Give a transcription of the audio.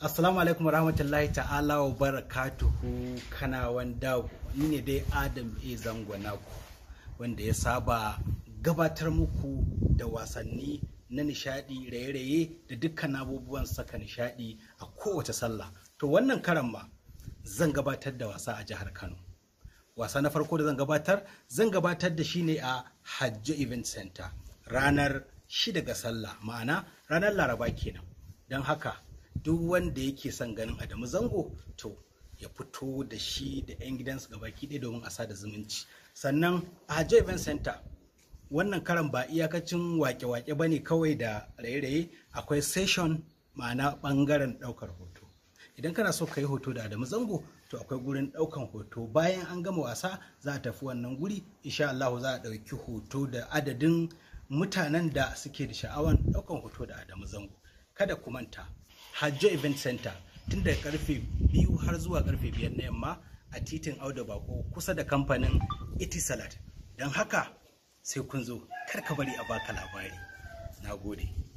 Assalamu alaikum rahmatullahi ta'ala wa barakatuhu kana wanda ni ne dai Adam e zango naku wanda ya saba gabatar muku da wasanni na nishadi raye-raye da dukkan abubuwan saka nishadi a kowace sallah. To wannan karan ma zan gabatar da wasa a jihar Kano. Wasa na farko da zan gabatar zan gabatar da shi ne a Hajjo Event Center ranar shida ga sallah ma'ana ranar Laraba kenan. Don haka duk wanda yake son ganin adamu zango to ya fito da shi da 'yan gidan su gabaki ɗaya domin a sada zumunci sannan a Hajji event center wannan karan ba iyakacin wake-wake ba ne kawai da raye-raye akwai session ma'ana ɓangaren ɗaukar hoto idan kana so ka yi hoto da adamu zango to akwai gurin ɗaukan hoto bayan an gama wasa za a tafi wannan guri insha Allah za a ɗauki hoto da adadin mutanen da suke da sha'awan ɗaukan hoto da adamu zango kada ku manta hajjo event center tun daga karfe biyu har zuwa karfe biyar na yamma a titin Audu bako kusa da kamfanin itisalat don haka sai kun zo kar ka bari a baka labari na gode